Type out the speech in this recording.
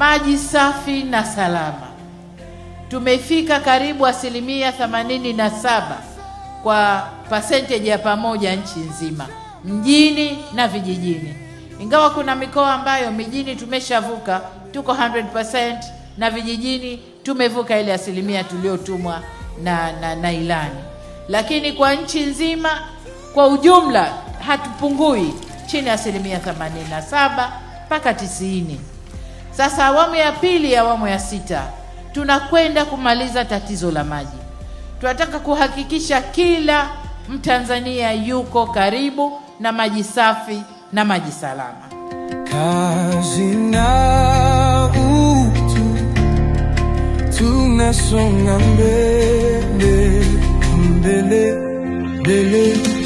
maji safi na salama. Tumefika karibu asilimia themanini na saba kwa percentage ya pamoja nchi nzima, mjini na vijijini, ingawa kuna mikoa ambayo mijini tumeshavuka tuko 100% na vijijini tumevuka ile asilimia tuliyotumwa na, na, na ilani, lakini kwa nchi nzima kwa ujumla hatupungui chini ya asilimia 87 mpaka 90. Sasa awamu ya pili ya awamu ya sita tunakwenda kumaliza tatizo la maji. Tunataka kuhakikisha kila Mtanzania yuko karibu na maji safi na maji salama. Kazi na utu tunasonga mbele mbele mbele.